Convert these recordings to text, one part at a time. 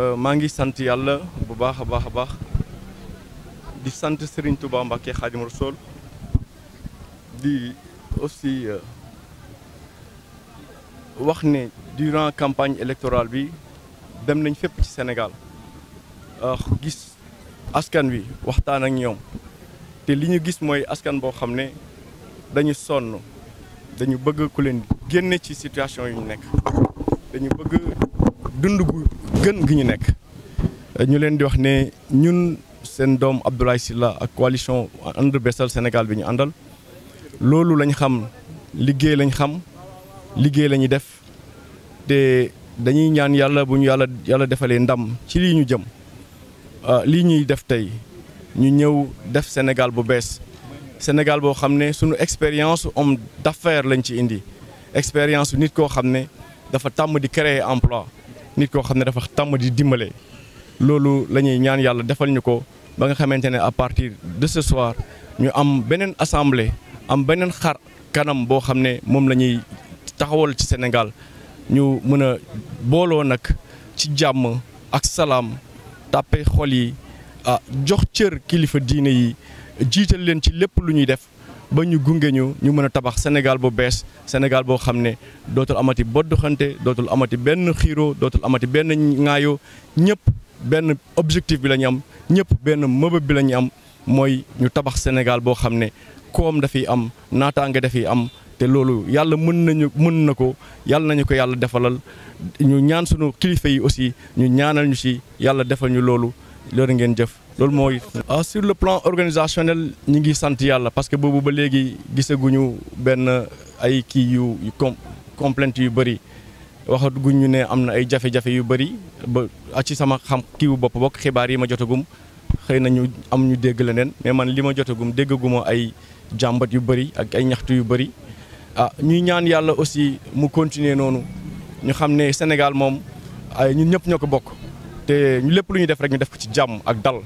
Euh, maa ngi sant yàlla bu baax a baax a baax di sant Serigne Touba Mbacké Khadim Rassoul di aussi euh, wax ne durant campagne électorale bi dem nañ fépp ci Sénégal gis askan wi waxtaan ak ñoom te li ñu gis mooy askan boo xam ne dañu sonn dañu bëgg ku leen génne ci situation yu ñu nekk dañu bëgg dund gu gën gi ñu nekk ñu leen di wax ne ñun seen doom Abdoulaye ak coalition ànd Besal Sénégal bi ñu àndal loolu lañ xam liggéey lañ xam liggéey la ñuy def te dañuy ñaan yàlla bu ñu yàlla yàlla defalee ndam ci lii ñu jëm ah, lii ñuy def tey ñu ñëw def Sénégal bu bees Sénégal boo xam ne suñu expérience homme d'affaires lañ ci indi expérience nit koo xam ne dafa tàmm di créer emploi nit koo xam ne dafa tàmm di dimbale loolu la ñuy ñaan yàlla defal ñu ko ba nga xamante ne à partir de ce soir ñu am beneen assemblée am beneen xar kanam boo xam ne moom la ñuy taxawal ci Sénégal ñu mën a booloo nag ci jàmm ak salaam tàppe xol yi ah jox cër kilifa diine yi jiital leen ci lépp lu ñuy def. ba ñu gunge ñu ñu mën a tabax Sénégal bu bees Sénégal boo xam ne dootul amati bodduxante dootul amati benn xiiro dootul amati benn ŋaayoo ñëpp benn objectif bi la am ñëpp benn mëbëb bi la ñu am mooy ñu tabax Sénégal boo xam ne koom dafiy am naataange dafiy am te loolu yàlla mën nañu mën na ko yàlla nañu ko yàlla defalal ñu ñaan sunu kilifa yi aussi ñu ñaanal ñu si yàlla defal ñu loolu loolu ngeen jëf. loolu mooy. ah sur le plan organisationnel ñu ngi sant yàlla parce que boobu ba léegi gisaguñu benn ay kii yu yu com complainte yu bëri waxaguñu ne am na ay jafe-jafe yu bëri ba ci sama xam kiiwu bopp bokk xibaar yi ma jotagum xëy na ñu am dégg leneen mais man li ma jotagum déggaguma ay jàmbat yu bëri ak ay ñaxtu yu bëri ah ñuy ñaan yàlla aussi mu continuer noonu ñu xam ne Sénégal moom ay ñun ñëpp ñoo ko bokk te ñu lépp lu ñu def rek ñu def ko ci jàmm ak dal.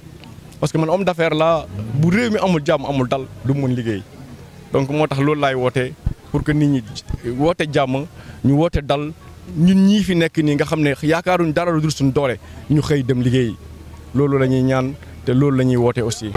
parce que man homme d'affaires laa bu réew mi amul jàmm amul dal du mun liggéey donc moo tax loolu laay wootee pour que nit ñi woote jàmm ñu woote dal ñun ñii fi nekk nii nga xam ne yaakaaruñ dara lu dul suñ doole ñu xëy dem liggéey loolu la ñuy ñaan te loolu la ñuy woote aussi.